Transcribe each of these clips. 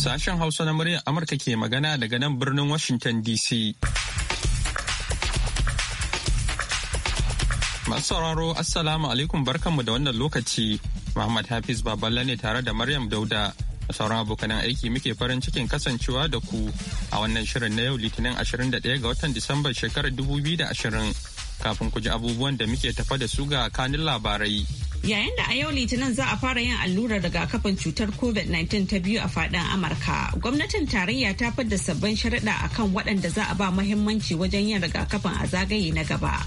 Sashen Hausa na muryar Amurka ke magana daga nan birnin Washington DC. Masu sauraro Assalamu alaikum barkanmu da wannan lokaci. Muhammad Hafiz Baballa ne tare da Maryam Dauda. da sauran abokanan aiki muke farin cikin kasancewa da ku a wannan shirin na yau litinin 21 ga watan disambar shekarar 2020 kafin ku ji abubuwan da muke tafa da su ga kanin labarai. Yayin da a yau Litinin za a fara yin allurar rigakafin cutar COVID-19 ta biyu a fadin Amurka, gwamnatin tarayya ta fadda sabbin sharaɗa akan waɗanda za a ba mahimmanci wajen yin rigakafin a zagaye na gaba.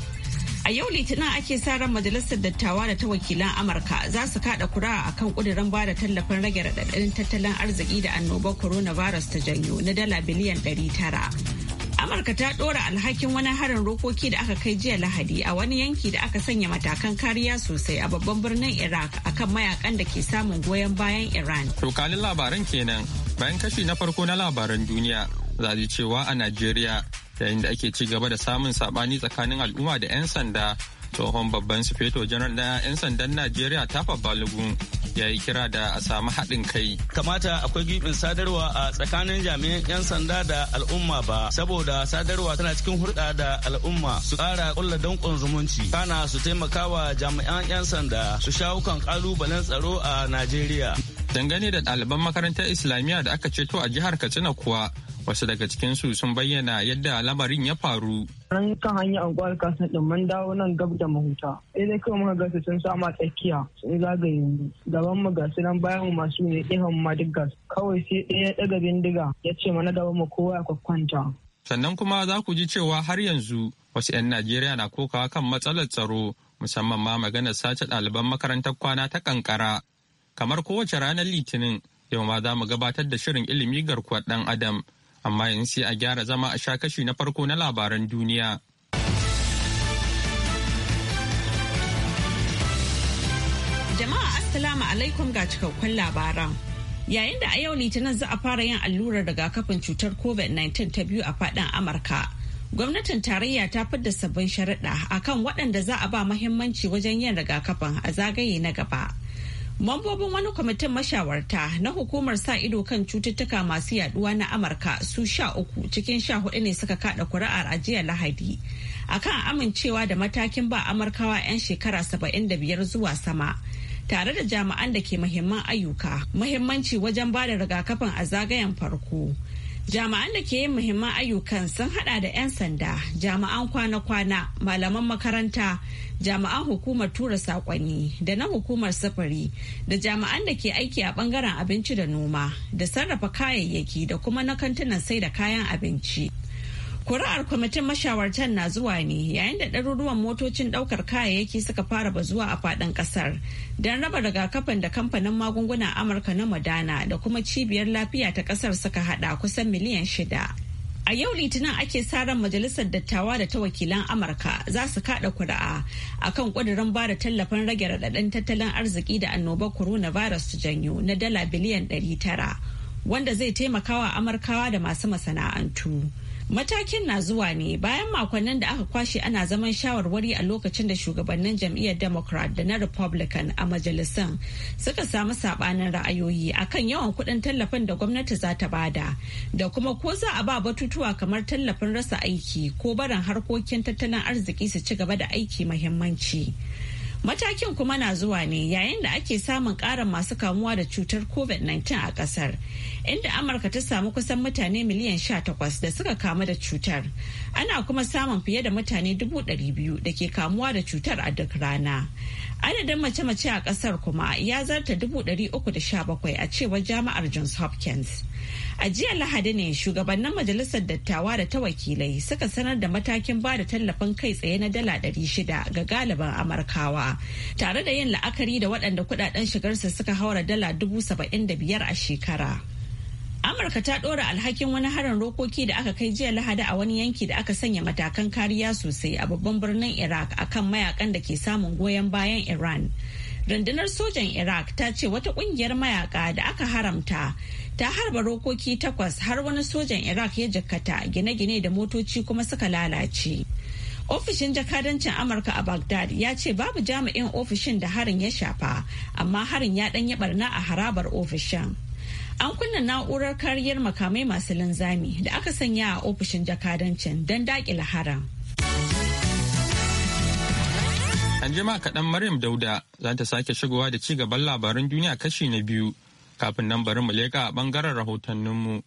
A yau Litinin ake sa ran Majalisar Dattawa da ta wakilan Amurka za su kada kura a kan kudirin ba da tallafin rage raɗaɗin tattalin arziki da annobar coronavirus ta janyo na dala biliyan ɗari tara. Amurka ta ɗora alhakin wani harin rokoki da aka kai jiya Lahadi a wani yanki da aka sanya matakan kariya sosai a babban birnin Iraq akan mayakan da ke samun goyon bayan Iran. Tokalin labaran kenan bayan kashi na farko na labaran duniya zai cewa a Najeriya yayin da ake ci gaba da samun sabani tsakanin al'umma da 'yan sanda tsohon babban sufeto janar na 'yan sandan najeriya tafa balugu ya yi kira da a samu haɗin kai kamata akwai gibin sadarwa a tsakanin jami'an 'yan sanda da al'umma ba saboda sadarwa tana cikin hulɗa da al'umma su ƙara ƙulla danƙon zumunci kana su taimakawa jami'an 'yan sanda su shawo kan ƙalubalen tsaro a najeriya dangane da ɗaliban makarantar islamiyya da aka ceto a jihar katsina kuwa wasu daga cikinsu sun bayyana yadda lamarin ya faru. Ran kan hanyar anguwar kasan din mun dawo nan gab da mahuta. Sai dai kawai muka gasa sun sama tsakiya sun zagaye mu. Gaban mu gasu sunan bayan mu masu ne ihan ma duk gas. Kawai sai ɗaya ɗaga bindiga ya ce mana gaban mu kowa ya kwakwanta. Sannan kuma za ku ji cewa har yanzu wasu 'yan Najeriya na kokawa kan matsalar tsaro musamman ma maganar sace ɗaliban makarantar kwana ta kankara. Kamar kowace ranar Litinin, yau ma za mu gabatar da shirin ilimi garkuwar ɗan Adam amma yanzu sai a gyara zama a sha kashi na farko na labaran duniya. Jama'a Assalamu alaikum ga cikakkun labaran. Yayin da a yau Litinin za a fara yin allurar rigakafin cutar COVID-19 ta biyu a faɗin Amurka. Gwamnatin tarayya ta fidda sabbin sharaɗa akan waɗanda za a ba mahimmanci wajen yin rigakafin a zagaye na gaba. Mambobin wani kwamitin mashawarta na hukumar sa ido kan cututtuka masu yaduwa na Amurka su sha uku cikin sha hudu ne suka kada kuri'ar a jiya Lahadi akan amincewa da matakin ba Amurkawa 'yan shekara saba'in da biyar zuwa sama. tare da jami'an da ke muhimman ayyuka muhimmanci wajen ba da rigakafin a zagayen farko Jami'an da ke yin muhimman ayyukan sun hada da 'yan sanda, jami'an kwana-kwana, malaman makaranta, jami'an hukumar tura sakonni da na hukumar sufuri da jami'an da ke aiki a bangaren abinci da noma da sarrafa kayayyaki da kuma na kantunan sai da kayan abinci. Kuri'ar kwamitin mashawartan na zuwa ne yayin da ɗaruruwan motocin ɗaukar kayayyaki suka fara bazuwa a faɗin ƙasar don raba rigakafin da kamfanin magungunan Amurka na Madana da kuma cibiyar lafiya ta ƙasar suka haɗa kusan miliyan shida. A yau Litinin ake sa Majalisar Dattawa da ta wakilan Amurka za su kaɗa kuri'a akan ƙudurin ba da tallafin rage raɗaɗin tattalin arziki da annobar coronavirus su janyo na dala biliyan ɗari tara, wanda zai taimakawa Amurkawa da masu masana'antu. Matakin na zuwa ne bayan makonnin da aka kwashe ana zaman shawarwari a lokacin da shugabannin jam'iyyar Democrat da na Republican a majalisan suka samu sabanin ra'ayoyi akan yawan kuɗin tallafin da gwamnati za ta bada da kuma ko za a ba batutuwa kamar tallafin rasa aiki ko barin harkokin tattalin arziki su ci gaba da aiki muhimmanci. Matakin kuma na zuwa ne yayin da ake samun ƙarin masu kamuwa da cutar COVID-19 a ƙasar, inda Amurka ta samu kusan mutane miliyan 18 da suka kamu da cutar. Ana kuma samun fiye da mutane 200,000 da ke kamuwa da cutar a duk rana. Adadin mace-mace a ƙasar kuma ya zarta 317 a cewar jama'ar Johns Hopkins. A jiya Lahadi ne shugabannin majalisar dattawa da ta wakilai suka sanar da matakin ba da tallafin kai tsaye na dala ɗari shida ga galibin Amurkawa, tare da yin la'akari da waɗanda kuɗaɗen shigarsa suka haura dala dubu saba'in da biyar a shekara. Amurka ta ɗora alhakin wani harin rokoki da aka kai jiya Lahadi a wani yanki da aka sanya matakan kariya sosai a babban birnin Iraq akan mayakan da ke samun goyon bayan Iran. Rundunar sojan Iraq ta ce wata ƙungiyar mayaka da aka haramta ta harba rokoki takwas har wani sojan iraq ya jakkata gine-gine da motoci kuma suka lalace ofishin jakadancin amurka a baghdad ya ce babu jami'in ofishin da harin ya shafa amma harin ya dan yi barna a harabar ofishin an kunna na'urar kariyar makamai masu linzami da aka sanya a ofishin jakadancin don dakila haram an jima kaɗan maryam dauda za ta sake shigowa da ci gaban labaran duniya kashi na biyu Kafin nan bari mu leka a bangaren rahotanninmu.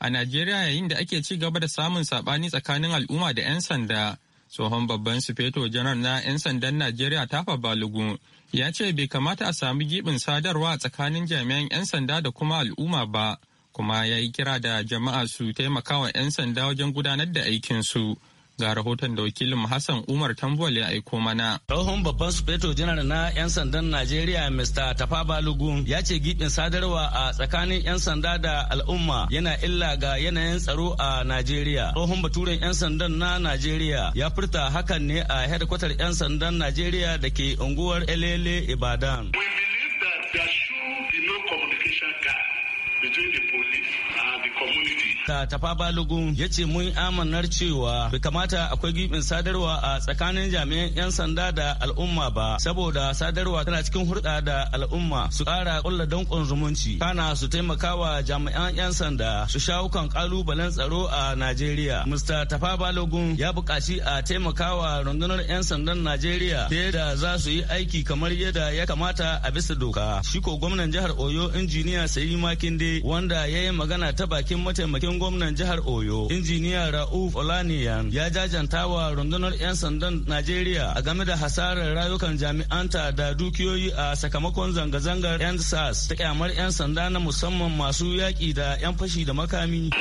A Najeriya yayin da ake ci gaba da samun saɓani tsakanin al'umma da 'yan sanda, tsohon babban sufeto janar na 'yan sandan Najeriya Tafa Balugu ya ce bai kamata a sami gibin sadarwa a tsakanin jami'an 'yan sanda da kuma al'umma ba, kuma ya yi kira da jama'a su taimakawa 'yan sanda wajen gudanar da aikinsu. su. ga rahoton da wakilin Hassan Umar Tambol ya aiko mana. Tsohon babban sufeto janar na 'yan sandan Najeriya Mr. Tafa Balugu ya ce gibin sadarwa a tsakanin 'yan sanda da al'umma yana illa ga yanayin tsaro a Najeriya. Tsohon baturen 'yan sandan na Najeriya ya furta hakan ne a hedkwatar 'yan sandan Najeriya da ke unguwar Elele Ibadan. We believe that there should be no communication gap between the police and the community. Tafa Balogun ya ce mun amanar cewa bai kamata akwai gibin sadarwa a tsakanin jami'an 'yan sanda da al'umma ba saboda sadarwa tana cikin hurɗa da al'umma su ƙara ƙulla danƙon zumunci kana su taimakawa jami'an 'yan sanda su shawo kan ƙalubalen tsaro a Najeriya. Mr. Tafa Balogun ya buƙaci a taimakawa rundunar 'yan sandan Najeriya ta yadda za su yi aiki kamar yadda ya kamata a bisa doka. Shi ko gwamnan jihar Oyo injiniya Sayi Makinde wanda ya yi magana ta bakin mataimakin gwamnan jihar Oyo, injiniya Rauf Olaniyan ya jajanta wa rundunar 'yan sandan Najeriya a game da hasarar rayukan jami'anta da dukiyoyi a sakamakon zanga-zangar 'yan SARS ta kyamar 'yan sanda na musamman masu yaƙi da 'yan fashi da makami.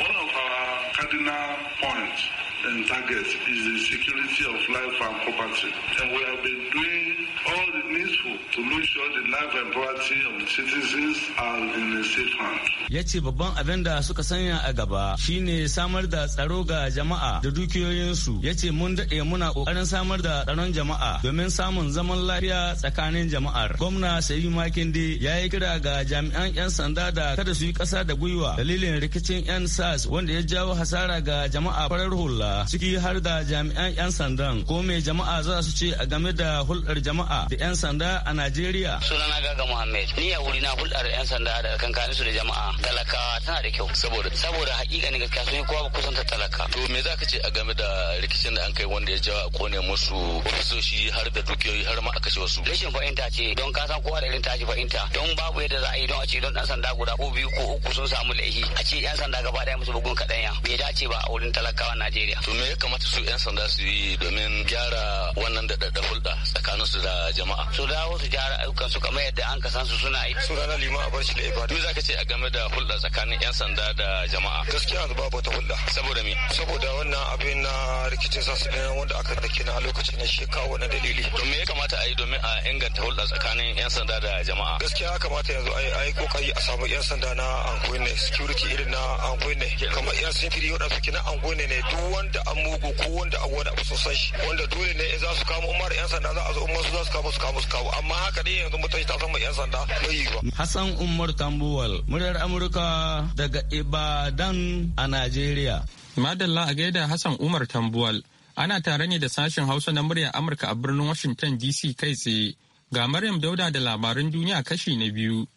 and target is the security of life and property. And we have been doing all the peaceful to make sure the life and property of Ya ce babban abin da suka sanya a gaba shine samar da tsaro ga jama'a da dukiyoyinsu. Ya ce mun daɗe muna ƙoƙarin samar da tsaron jama'a domin samun zaman lafiya tsakanin jama'ar. Gwamna Sayi Makinde ya yi kira ga jami'an 'yan sanda da kada su yi ƙasa da gwiwa dalilin rikicin 'yan sas wanda ya jawo hasara ga jama'a farar hula ciki har da jami'an 'yan sandan ko me jama'a za su ce a game da hulɗar jama'a da 'yan sanda sanda a Najeriya. Sunana Gaga Muhammad. Ni a wuri na hulɗar 'yan sanda da kankanin su da jama'a talakawa tana da kyau. Saboda saboda hakika ne gaskiya sun yi kowa kusan ta talaka. To me za ka ce a game da rikicin da an kai wanda ya ja a kone musu ofisoshi har da dukiyoyi har ma a kashe wasu. Rashin fahimta ce don ka san kowa da irin tashi fahimta. Don babu yadda za a yi don a ce don ɗan sanda guda ko biyu ko uku sun samu laifi. A ce 'yan sanda gaba ɗaya musu bugun kaɗanya. Bai dace ba a wurin talakawa Najeriya. To me ya kamata su 'yan sanda su yi domin gyara wannan da hulɗa tsakaninsu da jama'a. dawo su gyara ayyukan su kamar yadda an kasan su suna yi. Sunana Lima shi da Ibrahim. Me za ka ce a game da hulɗa tsakanin 'yan sanda da jama'a? Gaskiya yanzu ba ta hulɗa. Saboda me? Saboda wannan abin na rikicin sasu ɗaya wanda aka dake na lokacin na shi kawo wannan dalili. To me ya kamata a yi domin a inganta hulɗa tsakanin 'yan sanda da jama'a? Gaskiya ya kamata yanzu a yi kokari a samu 'yan sanda na angoyi ne security irin na angoyi ne kamar 'yan sintiri waɗanda suke na angoyi ne duk wanda an mugu ko wanda an wani abu sosai wanda dole ne za su kama umar 'yan sanda za a zo umar su za su kama su kama su kama abu amma haka dai yanzu mutane ta zama yan sanda bai yi ba Hassan Umar Tambuwal muryar Amurka daga Ibadan a Najeriya Madalla a gaida Hassan Umar Tambuwal ana tare ne da sashen Hausa na muryar Amurka a birnin Washington DC kai tsaye ga Maryam Dauda da labarin duniya kashi na biyu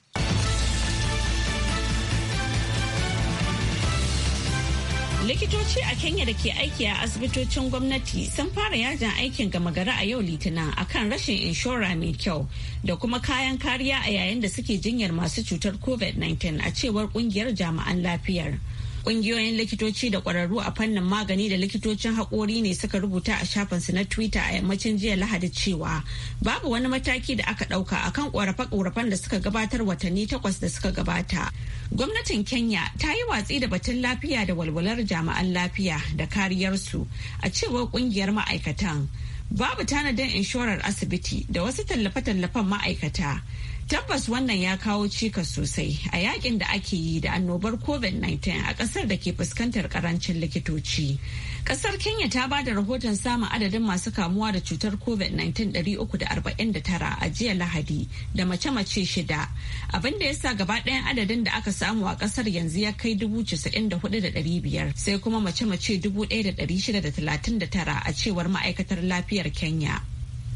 likitoci a kenya da ke aiki a asibitocin gwamnati sun fara yajin aikin gama gari a yau litinin akan rashin inshora mai kyau da kuma kayan kariya a yayin da suke jinyar masu cutar covid-19 a cewar kungiyar jami'an lafiyar kungiyoyin likitoci da kwararru a fannin magani da likitocin haƙori ne suka rubuta a shafinsu na twitter a yammacin jiya lahadi cewa babu wani mataki da aka ɗauka akan ƙorafe-ƙorafen da suka gabatar watanni takwas da suka gabata Gwamnatin Kenya ta yi watsi da batun lafiya da walwalar jami'an lafiya da kariyarsu a cewar kungiyar ma'aikatan. Babu tanadin inshorar asibiti da wasu tallafe-tallafen ma'aikata. Tabbas wannan ya kawo cika sosai a yakin da ake yi da annobar COVID-19 a kasar da ke fuskantar karancin likitoci. Kasar Kenya ta ba da rahoton samun adadin masu kamuwa da cutar COVID-19 349 a jiya Lahadi da mace-mace shida. Abin da ya sa gaba ɗayan adadin da aka samu a kasar yanzu ya kai 94,500 sai kuma mace-mace 1,639 a cewar ma'aikatar lafiyar Kenya.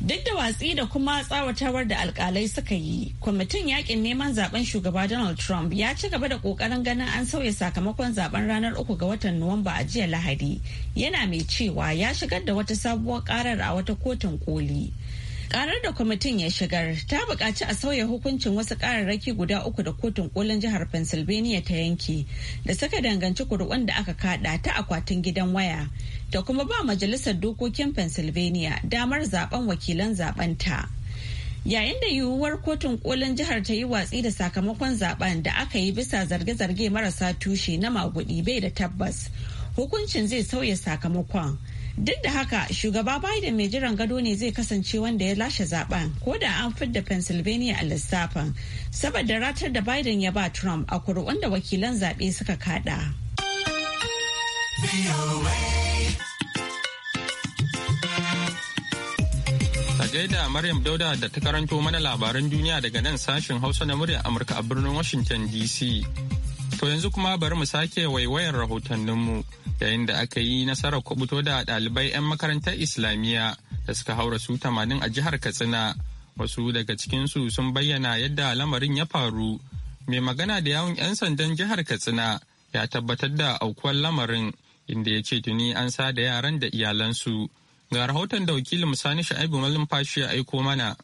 Duk da watsi da kuma tsawatawar da alkalai suka yi, kwamitin yakin neman zaben shugaba Donald Trump ya ci gaba da kokarin ganin an sauya sakamakon zaben ranar uku ga watan Nuwamba a jiya Lahadi. Yana mai cewa ya shigar da wata sabuwar karar a wata kotun koli. Karar da kwamitin ya shigar ta buƙaci a sauya hukuncin wasu ƙararraki guda uku da kotun kolin jihar Pennsylvania ta yanke da suka danganci kuri'un da aka kada ta akwatin gidan waya Da kuma ba majalisar dokokin Pennsylvania damar zaben wakilan zabanta. Yayin da yiwuwar kotun kolin jihar ta yi watsi da sakamakon zaben da aka yi bisa zarge-zarge marasa tushe na magudi bai da tabbas. Hukuncin zai sauya sakamakon. Duk da haka shugaba Biden mai jiran gado ne zai kasance wanda ya lashe zaben ko da an fidda Pennsylvania a lissafin saboda ratar da Biden ya ba Trump a kuri'un da wakilan zaɓe suka kada. A gaida Maryam Dauda da ta karanto mana labaran duniya daga nan sashen Hausa na muryar Amurka a birnin Washington DC. To yanzu kuma bari mu sake waiwayar rahotanninmu. yayin da aka yi nasarar kubuto da ɗalibai 'yan makarantar islamiyya da suka haura su tamanin a jihar katsina wasu daga cikinsu sun bayyana yadda lamarin ya faru mai magana da yawon 'yan sandan jihar katsina ya tabbatar da aukuwar lamarin inda ya ce tuni an sa da yaran da iyalansu ga rahoton da wakilin sani sha'ibu malumfashi ya aiko mana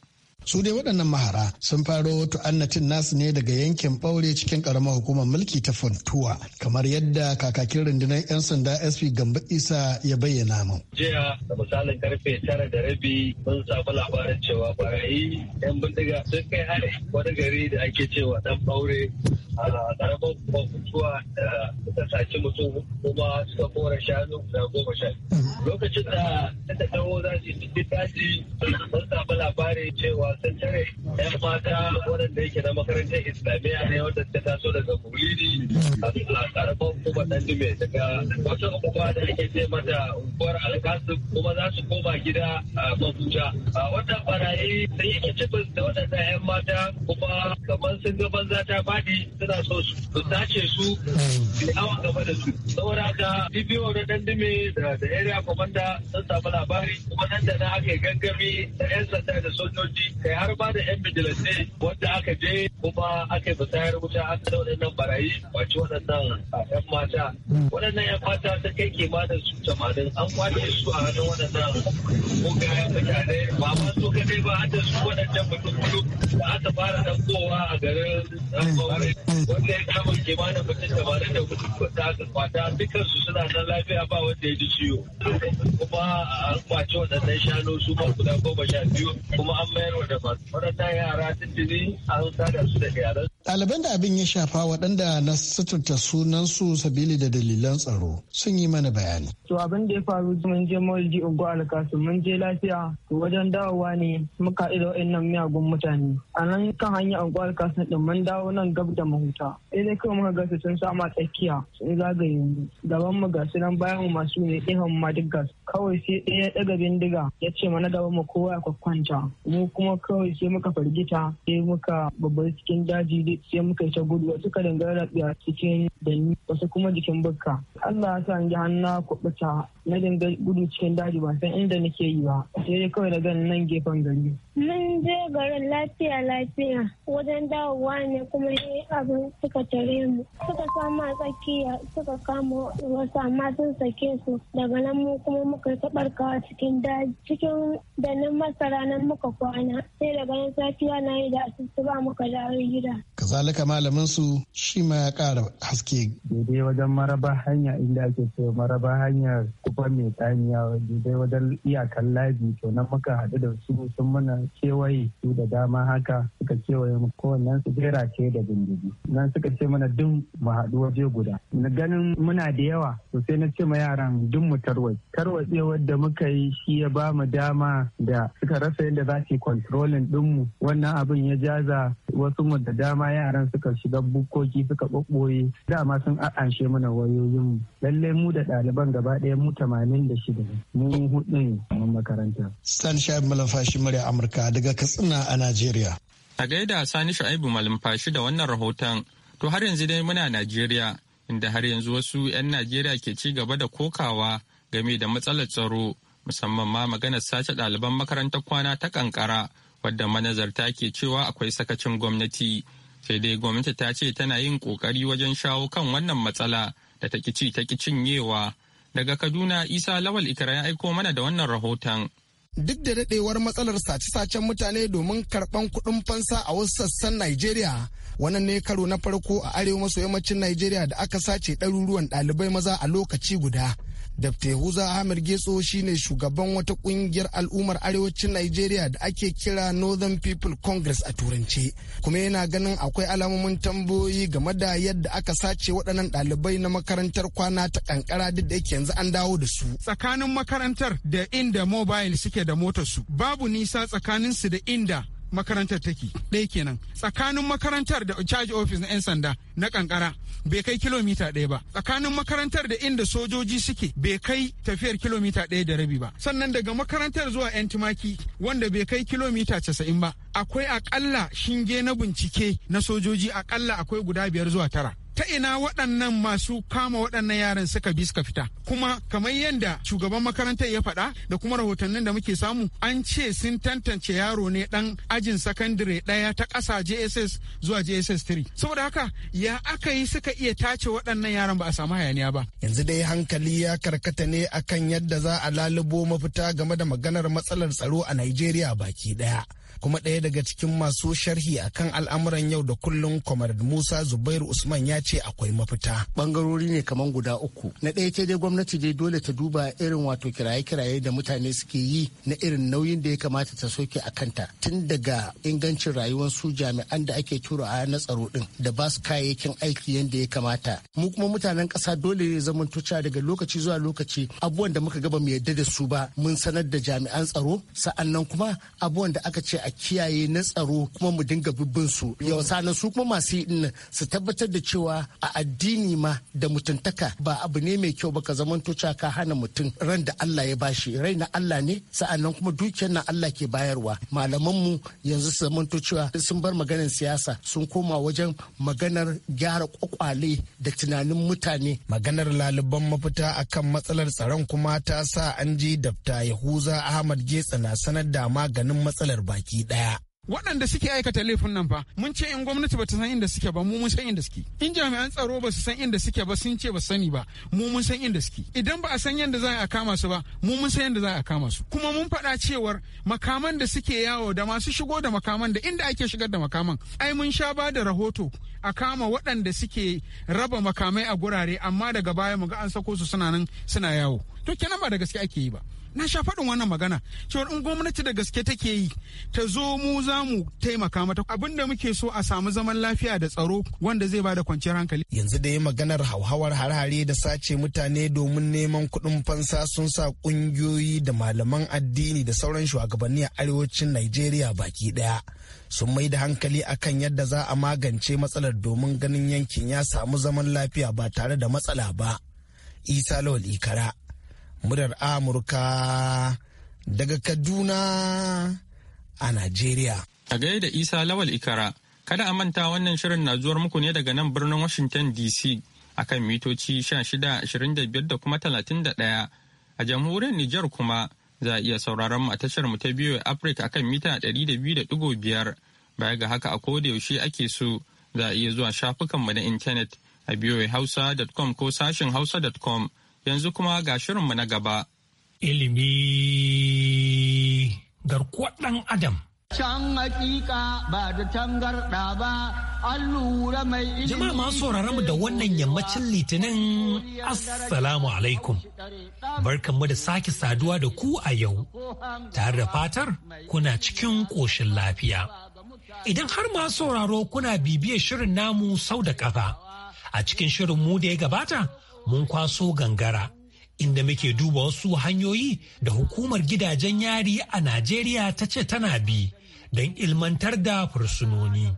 su dai waɗannan mahara sun faro wato annatin nasu ne daga yankin ɓaure cikin ƙaramar hukumar mulki ta fontuwa kamar yadda kakakin rundunar 'yan sanda sp gamba isa ya bayyana mu jiya da misalin karfe tara da rabi mun samu labarin cewa barayi 'yan bindiga sun kai hari wani gari da ake cewa dan ɓaure a ƙaramar hukumar fontuwa da saci mutum kuma suka kora shanu da goma sha lokacin da ta tawo za su yi tashi mun samu labarin cewa ta yan mata waɗanda yake na makarantar islamiyya ne wanda ta taso daga bulidi a karfan kuma ɗan dume daga wata unguwa da ake ce mata unguwar alkasim kuma za su koma gida a mafuta. a wannan barayi sai yake kicibin da waɗanda yan mata kuma kamar sun ga banza ta faɗi suna so su sace su su hawa gaba da su saboda haka bibiyo na ɗan dume da area commander sun samu labari kuma nan da na aka gangami da 'yan sanda da sojoji kai har ba da yan majalisai wanda aka je kuma aka yi musayar wuta aka da waɗannan barayi wace waɗannan yan mata hmm. waɗannan yan mata ta kai kimanin su tamanin an kwace su a hannun waɗannan mugayen mutane ba ma ka kadai ba har da su waɗannan mutum da aka fara ɗaukowa a garin ɗanɓaure hmm. hmm. wanda ya kama kimanin mutum tamanin da mutum da aka kwata su suna nan lafiya ba wanda ya ji ciwo kuma an kwace waɗannan shanu su ma guda goma sha biyu kuma an mayar wa Ɗaliban da abin ya shafa waɗanda na suturta sunansu sabili da dalilan tsaro sun yi mana bayani. To abin da ya faru mun je Maulidi Ogo Alkasu mun je lafiya to wajen dawowa ne muka da waɗannan miyagun mutane. A nan kan hanyar Ogo Alkasu ɗin mun dawo nan gab da mahuta. Sai dai kawai muka gasa sun sa ma tsakiya sun zagaye mu. Gaban mu gasu nan bayan mu masu ne ɗihan ma duk gas. Kawai sai ɗaya ya ɗaga bindiga ya ce mana gaban mu kowa ya kwakwanta. Mu kuma kawai sai muka fargita sai muka babbar cikin daji sai muka yi ta gudu wasu ka dangara a cikin dani wasu kuma jikin bukka Allah ya sa ji hannu kuɓuta na dangar gudu cikin daji ba san inda nake yi ba sai dai kawai daga nan gefen gari Mun je garin lafiya lafiya wajen dawowa ne kuma yi abin suka tare mu. Suka sama tsakiya suka kama wasu amma sun sake su daga nan mu kuma muka tabarkawa cikin daji cikin danin masara nan muka kwana sai daga nan safiya na yi da asusu ba muka dawo gida. Kazalika malamin su shi ma ya kara haske. Daidai wajen maraba hanya inda ake so maraba hanyar babban mai tsamiya dai wajen iyakan labi to nan muka haɗu da su sun mana kewaye su da dama haka suka kewaye mu kowannen su jera ce da bindigi nan suka ce mana dun mu haɗu waje guda na ganin muna da yawa to sai na ce ma yaran dun mu tarwai tarwatsewar da muka yi shi ya ba mu dama da suka rasa yadda za su yi controlling ɗinmu wannan abin ya jaza wasu mu da dama yaran suka shiga bukoki suka ɓoɓɓoye dama sun a'anshe mana wayoyin mu lalle mu da ɗaliban gaba ɗaya mu tamanin da shida mu hudu ne makaranta. Stan Shaib Malafashi murya Amurka daga Katsina a Najeriya. A gaida Sani Shu'aibu Malumfashi da wannan rahoton, to har yanzu dai muna Najeriya, inda har yanzu wasu 'yan Najeriya ke ci gaba da kokawa game da matsalar tsaro, musamman ma maganar sace ɗaliban makarantar kwana ta ƙanƙara wadda manazarta ke cewa akwai sakacin gwamnati. Sai dai gwamnati ta ce tana yin ƙoƙari wajen shawo kan wannan matsala da ta ci ta cinyewa. Daga Kaduna, Isa Lawal ikara ya aiko mana da wannan rahoton. duk da daɗewar matsalar sace-sacen mutane domin karɓan kuɗin fansa a wasu sassan Najeriya. Wannan ne karo na farko a arewa maso yammacin Najeriya da aka sace ɗaruruwan ɗalibai maza a lokaci guda. Dr. Yahuza Ahmed Getso shine shugaban wata kungiyar al'ummar arewacin Najeriya da ake kira Northern People Congress a turance. Kuma yana ganin akwai alamomin tambayoyi game da yadda aka sace waɗannan ɗalibai na makarantar kwana ta kankara duk da yake yanzu an dawo da su. Tsakanin makarantar da inda mobile suke da motar su babu nisa tsakaninsu da inda makarantar take ɗaya kenan tsakanin makarantar da charge office na 'yan sanda na kankara bai kai kilomita ɗaya ba tsakanin makarantar da inda sojoji suke bai kai tafiyar kilomita ɗaya da rabi ba sannan daga makarantar zuwa 'yan tumaki wanda bai kai kilomita casa'in ba akwai akalla shinge na bincike na sojoji akalla akwai guda biyar zuwa tara ta ina waɗannan masu kama waɗannan yaran suka bi suka fita kuma kamar yadda shugaban makarantar ya faɗa da kuma rahotannin da muke samu an ce sun tantance yaro ne ɗan ajin sakandare ɗaya ta ƙasa jss zuwa jss 3 saboda haka ya aka yi suka iya tace waɗannan yaran ba a samu hayaniya ba yanzu dai hankali ya karkata ne akan yadda za a lalubo mafita game da maganar matsalar tsaro a nigeria baki ɗaya kuma ɗaya daga cikin masu sharhi a kan al'amuran yau da kullum Comrade Musa Zubairu Usman ya ce akwai mafita. Bangarori ne kamar guda uku. Na ɗaya ce dai gwamnati dai dole ta duba irin wato kiraye-kiraye da mutane suke yi na irin nauyin da ya kamata ta soke a kanta tun daga ingancin rayuwar su jami'an da ake tura a na tsaro din da ba su kayayyakin aiki yadda ya kamata. Mu kuma mutanen ƙasa dole ne zaman tuca daga lokaci zuwa lokaci abubuwan da muka gaba mu yadda da su ba mun sanar da jami'an tsaro sa'annan kuma abubuwan da aka ce a kiyaye na tsaro kuma mu dinga bibbin su yau na su kuma masu yi su tabbatar da cewa a addini ma da mutuntaka ba abu ne mai kyau ba ka tuca ka hana mutum ran da Allah ya bashi rai na Allah ne sa'annan kuma dukiyar na Allah ke bayarwa malaman mu yanzu su zamanto cewa sun bar maganar siyasa sun koma wajen maganar gyara kwakwale da tunanin mutane maganar laliban mafita akan matsalar tsaron kuma ta sa an ji dafta Yahuza Ahmad Getsa na sanar da maganin matsalar baki baki daya. waɗanda suke aikata laifin nan fa mun ce in gwamnati ba ta san inda suke ba mu mun san inda suke in jami'an tsaro ba su san inda suke ba sun ce ba sani ba mu mun san inda suke idan ba a san yadda za a kama su ba mu mun san yadda za a kama su kuma mun faɗa cewar makaman da suke yawo da masu shigo da makaman da inda ake shigar da makaman ai mun sha ba da rahoto a kama waɗanda suke raba makamai a gurare amma daga baya mu ga an sako su suna nan suna yawo to kenan ba da gaske ake yi ba na sha faɗin wannan magana cewa in gwamnati da gaske take yi ta zo mu za mu taimaka mata abin da muke so a samu zaman lafiya da tsaro wanda zai bada kwanciyar hankali yanzu da yi maganar hauhawar harhare da sace mutane domin neman kuɗin fansa sun sa ƙungiyoyi da malaman addini da sauran shugabanni a arewacin Najeriya baki ɗaya sun mai da hankali akan yadda za a magance matsalar domin ganin yankin ya samu zaman lafiya ba tare da matsala ba. Isa Lawal Ikara muryar amurka daga kaduna a najeriya a da isa lawal ikara kada a manta wannan shirin na zuwar muku ne daga nan birnin washington dc a kan mitoci 1625 da kuma 31 a jamhuriyar nijar kuma za a iya sauraron mu a tashar mu ta biyu a akan mita 200.5 baya ga haka a koda yaushe ake so za a iya zuwa shafukanmu na intanet a hausa.com ko sashin hausa.com yanzu kuma ga shirinmu na gaba. Ilimi garkuwar ɗan Adam. Can hakika ba da tangarɗa ba, an lura mai ilimi. Jama'a masu mu da wannan yammacin litinin Assalamu alaikum. Barkanmu da sake saduwa da ku a yau, tare da fatar kuna cikin ƙoshin lafiya. Idan har ma sauraro kuna bibiyar shirin namu sau da ƙafa, a cikin shirin mu da ya gabata, mun kwaso gangara inda muke duba wasu hanyoyi da hukumar gidajen yari a Najeriya ta ce tana bi don ilmantar da fursunoni.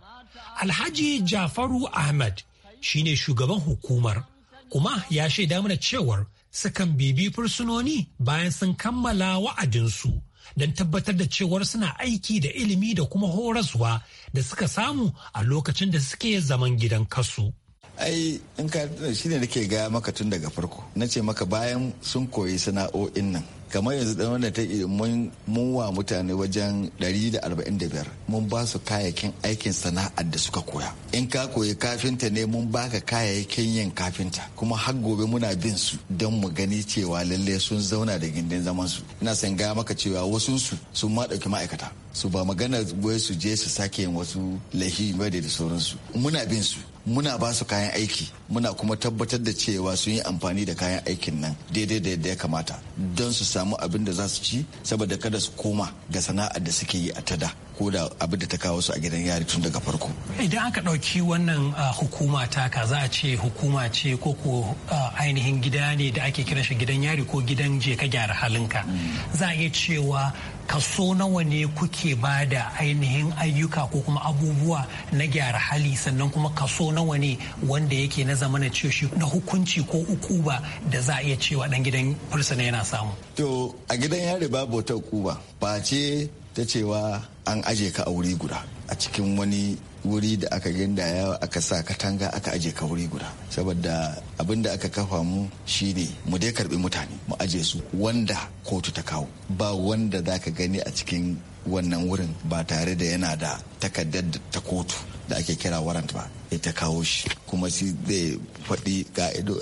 Alhaji Jafaru Ahmad shine shugaban hukumar kuma ya shaida mana cewar sukan bibi fursunoni bayan sun kammala wa'adinsu don tabbatar da cewar suna aiki da ilimi da kuma horaswa da suka samu a lokacin da suke zaman gidan kasu. ai in ka shi ne nake gaya maka tun daga farko na ce maka bayan sun koyi sana'o'in nan kamar yanzu da wanda ta yi mun wa mutane wajen 145 mun ba su kayayyakin aikin sana'ar da suka koya in ka koyi kafinta ne mun ba ka kayayyakin yin kafinta kuma har gobe muna bin su don mu gani cewa lalle sun zauna da gindin zaman su ina san gaya maka cewa wasu su sun ma dauki ma'aikata su ba magana wai su je su sake yin wasu laifi ba da sauransu muna bin su muna ba su kayan aiki muna kuma tabbatar da cewa sun yi amfani da kayan aikin nan daidai da yadda ya kamata don su samu abin da za su ci saboda kada su koma ga sana'ar da suke yi a tada ko da abin da ta kawo su a gidan yari tun daga farko idan aka ɗauki wannan hukuma ta ka za a ce hukuma ce ko ko ainihin gida ne da ake kiran shi gidan yari ko gidan je ka gyara halinka mm. za a iya cewa kaso nawa ne kuke ba da ainihin ayyuka ko kuma abubuwa na gyara hali sannan kuma kaso nawa ne wanda yake na zamana shi na hukunci ko ukuba da za a iya cewa dan gidan fursuna yana samu to a gidan yari babu wata ukuba ba ce ta cewa an aje ka a wuri guda a cikin wani wuri da aka gindaya aka sa katanga aka aje ka wuri guda saboda abin da aka kafa mu shine mu dai karbi mutane mu aje su wanda kotu ta kawo ba wanda za ka gani a cikin wannan wurin ba tare da yana da takardar ta kotu da ake kira warrant ba ita kawo shi kuma shi zai faɗi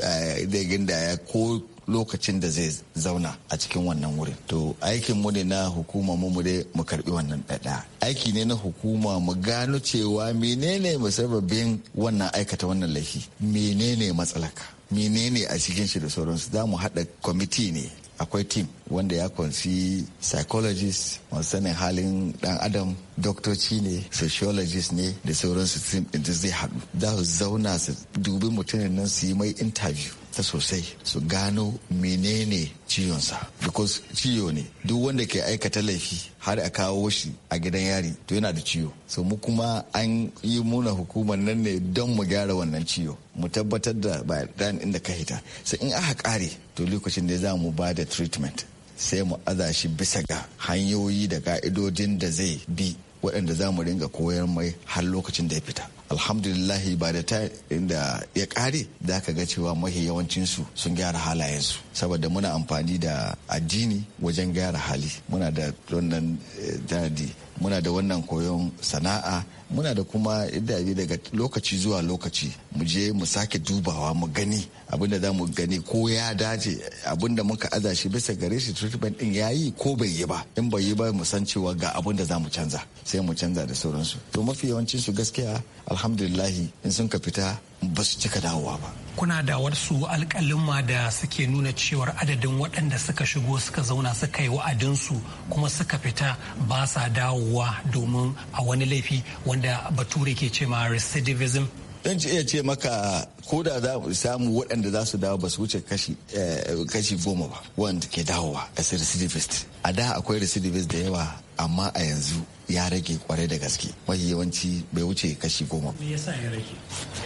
eh, zai gindaya ko lokacin da zai zauna a cikin wannan wurin to aikin mu ne na hukuma mu dai mu karbi wannan dada aiki ne na hukuma mu gano cewa menene musababin wannan aikata wannan laifi menene matsalaka menene a cikin shi da sauransu za mu haɗa kwamiti ne akwai team wanda ya kunshi psychologist masu sanin halin dan adam doktoci ne sociologist ne da sauransu da zai haɗu za su zauna su dubi mutumin nan su yi mai interview ta sosai su gano menene ciwonsa because ciwo ne duk wanda ke aikata laifi har a kawo shi a gidan yari to yana da ciwo so mu kuma an yi muna hukumar nan ne don mu gyara wannan ciwo mu tabbatar da ba inda ka hita sai in aka kare to lokacin da za mu ba da treatment sai mu aza shi bisa ga hanyoyi da ka'idojin da zai bi waɗanda za mu ringa koyar mai har lokacin da ya fita alhamdulillahi ba da ta inda ya kare da ka ga cewa mahi yawancinsu sun gyara halayensu saboda muna amfani da addini wajen gyara hali muna da wannan eh, tanadi muna da wannan koyon sana'a muna da kuma idabi daga lokaci zuwa lokaci mu je mu sake dubawa mu gani abinda za mu gani ko ya dace abinda muka aza shi bisa gare shi treatment din ya yi ko bai yi ba in bai yi ba mu san cewa ga abinda za mu canza sai mu canza da sauransu to mafi yawancin su gaskiya alhamdulillahi in sun ka fita ba su cika dawowa ba kuna da wasu alƙalima da suke nuna cewar adadin waɗanda suka shigo suka zauna suka yi wa'adinsu kuma suka fita ba sa dawowa domin a wani laifi wanda bature ke ce ma recidivism don iya ce maka ko da za mu samu waɗanda za su dawo ba su wuce kashi eh, goma ba wanda ke dawowa a recidivist a da akwai recidivist da yawa amma a yanzu ya rage kwarai da gaske mafi yawanci bai wuce kashi goma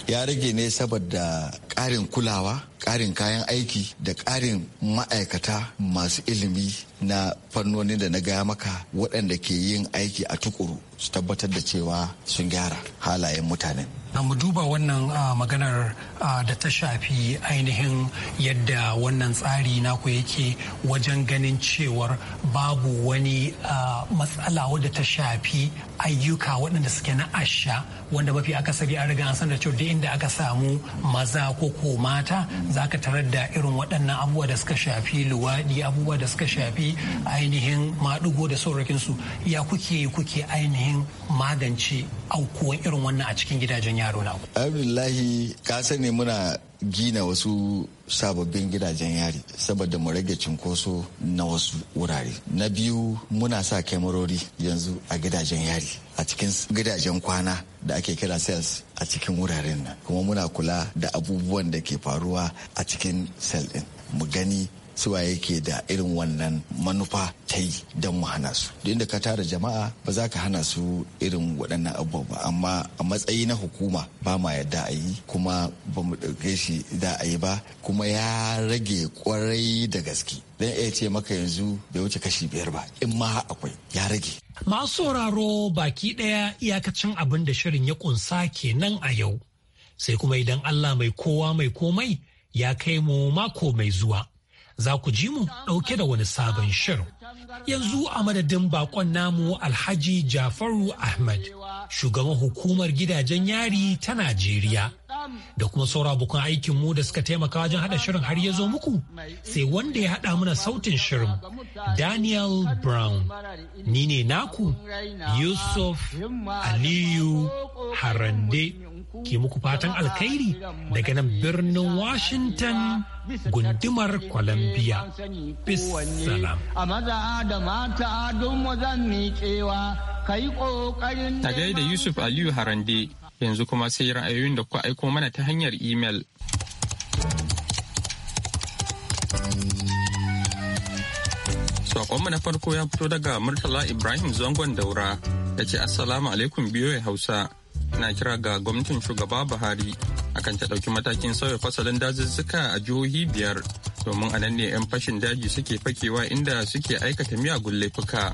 ya rage ne saboda ƙarin kulawa ƙarin kayan aiki da ƙarin ma'aikata masu ilimi na fannoni da na gaya maka waɗanda ke yin aiki a tukuru su tabbatar da cewa sun gyara halayen mutanen na mu duba wannan ah, maganar ah, da ta shafi ainihin yadda wannan tsari naku yake wajen ganin cewar babu wani ah, matsala wadda ta shafi ayyuka waɗanda suke na asha wanda mafi akasari an riga an san da cewa duk inda aka samu maza ko ko mata za ka tarar da irin waɗannan abubuwa da suka shafi luwaɗi abubuwa da suka shafi ainihin maɗugo da saurakinsu ya kuke kuke ainihin ainihin magance aukuwan irin wannan a cikin gidajen yaro na abdullahi ka sani muna gina wasu sababbin gidajen yari saboda mu rage cinkoso na wasu wurare na biyu muna sa kyamarori yanzu a gidajen yari a cikin gidajen kwana da ake kira cells a cikin wuraren nan kuma muna kula da abubuwan da ke faruwa a cikin SEL din mu gani suwa ke da irin wannan manufa ta yi don mu hana su duk inda ka tara jama'a ba za ka hana su irin waɗannan abubuwa ba amma a matsayi na hukuma ba ma yadda a yi kuma ba mu ɗauke shi da a yi ba kuma ya rage kwarai da gaske don iya ce maka yanzu bai wuce kashi biyar ba in ma akwai ya rage masu sauraro baki ɗaya iyakacin abin da shirin ya kunsa kenan a yau sai kuma idan allah mai kowa mai komai ya kai mu mako mai zuwa za ku ji mu ɗauke da wani sabon shirin. Yanzu a madadin bakon namu Alhaji Jafaru Ahmad, shugaban hukumar gidajen yari ta Najeriya. Da kuma saura bukun aikin mu da suka taimaka wajen haɗa shirin har ya zo muku, sai wanda ya haɗa mana sautin shirin, Daniel Brown. Ni ne naku, Yusuf Aliyu Harande. ke muku fatan alkhairi daga nan birnin Washington gundumar Columbia. A maza da mata zan kai ƙoƙarin. Ta gaida Yusuf Aliyu Harande yanzu kuma sai ra'ayoyin da ku aiko mana ta hanyar imel. Sakonmu na farko ya fito daga Murtala Ibrahim Zangon Daura da ce Assalamu alaikum biyoyi Hausa. na kira ga gwamnatin shugaba buhari akan ta ɗauki matakin sauya fasalin dazuzzuka a jihohi biyar domin a nan ne 'yan fashin daji suke fakewa inda suke aikata miyagun laifuka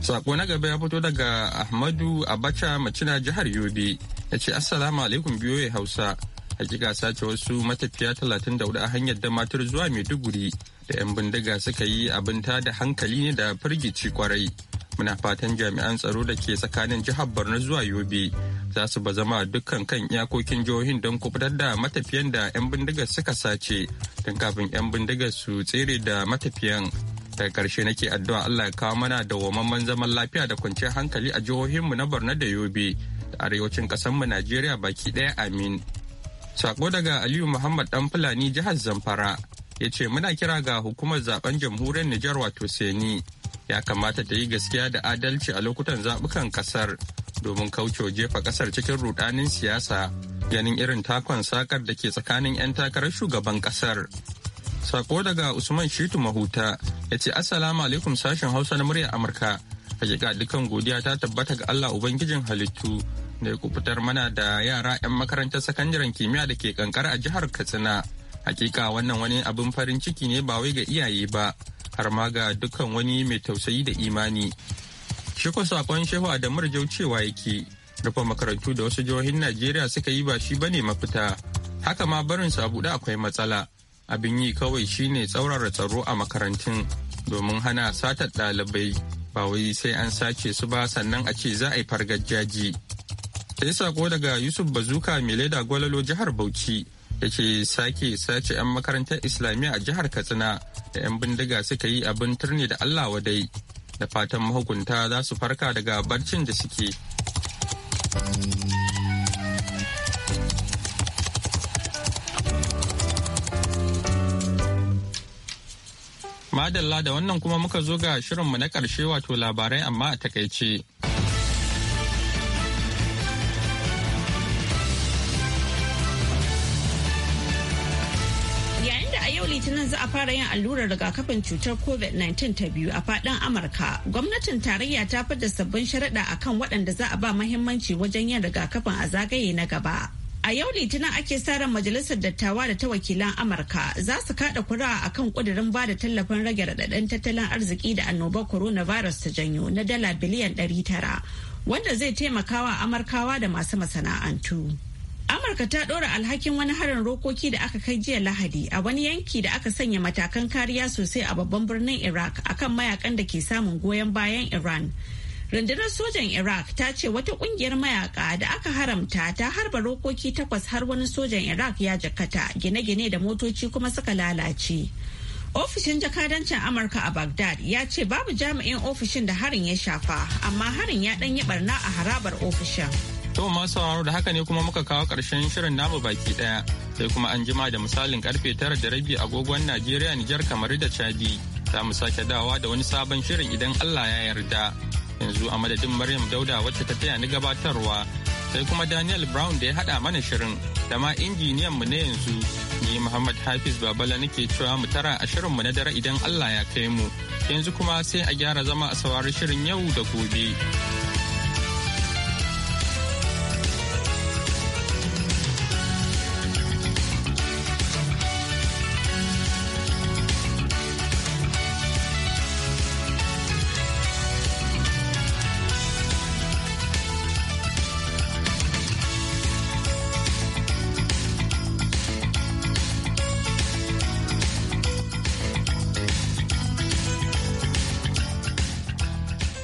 sako na gaba ya fito daga ahmadu abacha macina jihar yobe ya ce assalamu alaikum biyoyi hausa hakika sace wasu matafiya talatin da hudu a hanyar da damatar zuwa maiduguri da 'yan bindiga suka yi abin da hankali ne da firgici kwarai muna fatan jami'an tsaro da ke tsakanin jihar borno zuwa yobe za su bazama a dukkan kan iyakokin jihohin don kubutar da matafiyan da 'yan bindigar suka sace tun kafin 'yan bindigar su tsere da matafiyan daga karshe nake addu'a Allah ya kawo mana da wamman zaman lafiya da kwanciyar hankali a jihohinmu na Borno da Yobe da arewacin mu Najeriya baki ɗaya amin. Sako daga Aliyu Muhammad Dan Fulani jihar Zamfara ya ce muna kira ga hukumar zaben jamhuriyar Nijar wato Seni ya kamata ta yi gaskiya da adalci a lokutan zaɓukan ƙasar domin kaucewa jefa kasar cikin rudanin siyasa ganin irin takon sakar da ke tsakanin 'yan takarar shugaban kasar. Sako daga Usman Shitu Mahuta ya ce Assalamu alaikum sashen Hausa na muryar Amurka. Hakika dukan godiya ta tabbata ga Allah Ubangijin halittu da ya kubutar mana da yara 'yan makarantar sakandaren kimiyya da ke kankara a jihar Katsina. Hakika wannan wani abin farin ciki ne ba wai ga iyaye ba, har ma ga dukan wani mai tausayi da imani. Shi ko sakon Shehu Adamu Rajau cewa yake rufe makarantu da wasu jihohin Najeriya suka yi ba shi ne mafita. Haka ma barin su a buɗe akwai matsala. Abin yi kawai shine tsaurara tsaro a makarantun domin hana satar ɗalibai ba wai sai an sace su ba sannan a ce za a yi fargar jaji. Sai sako daga Yusuf Bazuka mai leda Gwalalo jihar Bauchi da ke sake sace 'yan makarantar Islamiyya a jihar Katsina da 'yan bindiga suka yi abin turne da Allah wadai da fatan mahukunta za su farka daga barcin da suke. Madalla da wannan kuma muka zo ga shirinmu na ƙarshe wato labarai amma a takaice. a yau litinin za a fara yin allurar rigakafin cutar covid-19 ta biyu a fadin amurka gwamnatin tarayya ta fada sabbin sharaɗa akan waɗanda za a ba mahimmanci wajen yin rigakafin a zagaye na gaba a yau litinin ake sa ran majalisar dattawa da ta wakilan amurka za su kada kura akan kudirin ba da tallafin rage raɗaɗin tattalin arziki da annobar coronavirus ta janyo na dala biliyan 900 wanda zai taimakawa amurkawa da masu masana'antu Amurka ta ɗora alhakin wani harin rokoki da aka kai jiya Lahadi a wani yanki da aka sanya matakan kariya sosai a babban birnin Iraq akan mayakan da ke samun goyon bayan Iran. Rundunar sojan Iraq ta ce wata ƙungiyar mayaka da aka haramta ta harba rokoki takwas har wani sojan Iraq ya jakata gine-gine da motoci kuma suka lalace. Ofishin jakadancin Amurka a Baghdad ya ce babu jami'in ofishin da harin ya shafa, amma harin ya ɗanyi barna a harabar ofishin. To masu sauraro da haka ne kuma muka kawo ƙarshen shirin namu baki ɗaya sai kuma an jima da misalin karfe tara da rabi agogon Najeriya Nijar kamar da Chadi za mu sake dawa da wani sabon shirin idan Allah ya yarda. Yanzu a madadin Maryam Dauda wacce ta taya ni gabatarwa sai kuma Daniel Brown da ya haɗa mana shirin da ma injiniyan mu na yanzu ni Muhammad Hafiz Babala nake cewa mu tara a shirin mu na dare idan Allah ya kai mu. Yanzu kuma sai a gyara zama a saurari shirin yau da gobe.